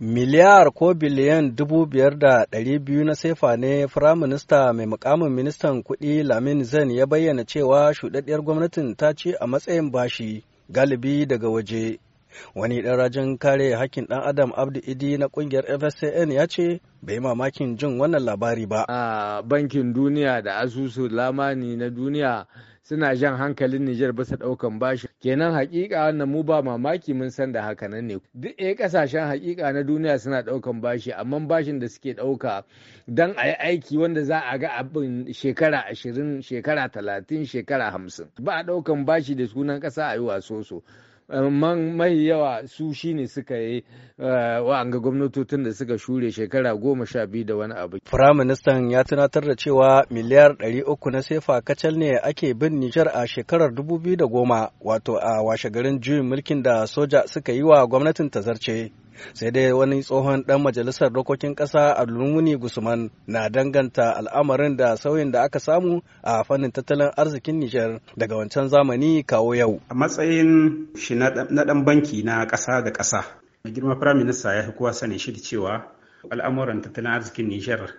miliyar ko biliyan dubu biyar da ɗari biyu na sefa ne firaminista mai mukamin ministan kuɗi lamin zen ya bayyana cewa shuɗaɗɗiyar gwamnatin ta ci a matsayin bashi galibi daga waje wani ɗan rajin kare hakkin ɗan adam abdu idi na ƙungiyar fscn ya ce bai mamakin jin wannan labari ba a bankin duniya da asusu lamani na duniya suna jan hankalin Nijar bisa ɗaukan bashi kenan hakika wannan mu ba mamaki mun san da nan ne duk eh kasashen hakika na duniya suna ɗaukan bashi amma bashin da suke ɗauka don a yi aiki wanda za a ga abin shekara ashirin shekara talatin shekara hamsin ba a ɗaukan bashi da sunan ƙasa a yi wasoso Eh, man mai yawa su shine suka yi eh, wa'anga gwamnatotin da suka shure shekara goma sha biyu da wani abu. Firaministan ya tunatar da cewa miliyar ɗari uku na sefa kacal ne ake bin Nijar a shekarar dubu biyu da goma wato a washe garin juyin mulkin da soja suka yi wa gwamnatin tazarce. sai dai wani tsohon dan majalisar dokokin ƙasa alumuni gusman na danganta al'amarin da sauyin da aka samu a fannin tattalin arzikin nijar daga wancan zamani kawo yau a matsayin shi na dan banki na kasa da kasa mai girma firaminista ya fi kowa sanin shi da cewa al'amuran tattalin arzikin nijar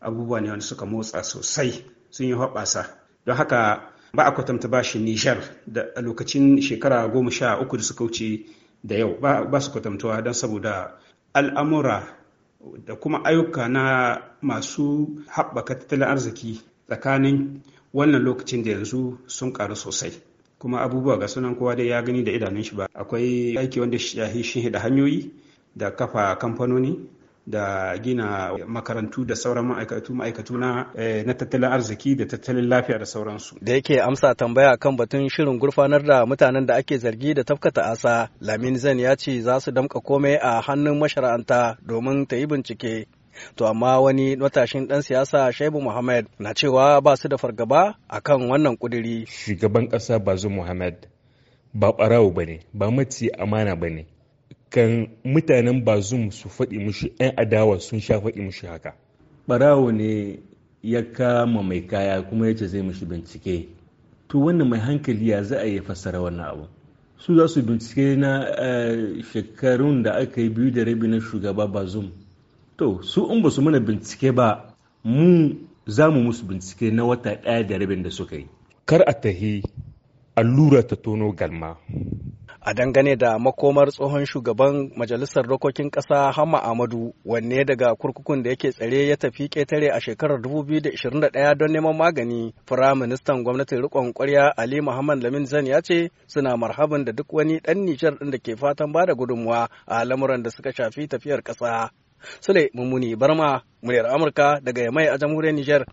abubuwa ne wanda suka motsa sosai sun yi hoɓasa don haka ba a kwatanta bashi nijar da lokacin shekara goma sha uku da suka wuce da yau ba su kwatantawa don saboda al'amura da kuma ayyuka na masu haɓaka tattalin arziki tsakanin wannan lokacin da yanzu sun ƙaru sosai kuma abubuwa ga sunan kowa dai ya gani da idanun shi ba akwai aiki wanda shi da hanyoyi da kafa kamfanoni da gina makarantu da sauran ma'aikatu ma'aikatu na eh, na tattalin arziki da tattalin lafiya da sauransu. Da yake amsa tambaya kan batun shirin gurfanar da mutanen da ake zargi da tafkata asa, Lamin Zan ya ce za su damka komai a hannun mashara'anta domin ta yi bincike. To amma wani matashin ɗan siyasa Shaibu Muhammad na cewa ba su da fargaba akan wannan kuduri. Shugaban ƙasa Bazu Muhammad ba ɓarawo ba ne, ba mace amana ba ne. kan mutanen bazum su faɗi mushi 'yan adawa sun sha faɗi mushi haka ɓarawo ne ya kama mai kaya kuma yace zai mushi bincike to wannan mai hankali ya za a yi fassara wannan abu su za su bincike na eh, shekarun da aka yi biyu da rabi na shugaba bazum to su in ba su mana bincike ba mu za mu musu bincike na wata ɗaya da rabin da suka yi kar a tahi allura ta tono galma a dangane da makomar tsohon shugaban majalisar dokokin ƙasa hama amadu wanne daga kurkukun da yake tsare ya tafi ƙetare a shekarar 2021 don neman magani firaministan gwamnatin rikon kwarya ali muhammad lamin zan ya ce suna marhaban da duk wani ɗan nijar ɗin da ke fatan ba da gudunmuwa a lamuran da suka shafi tafiyar ƙasa sule mummuni barma muryar amurka daga yamai a jamhuriyar nijar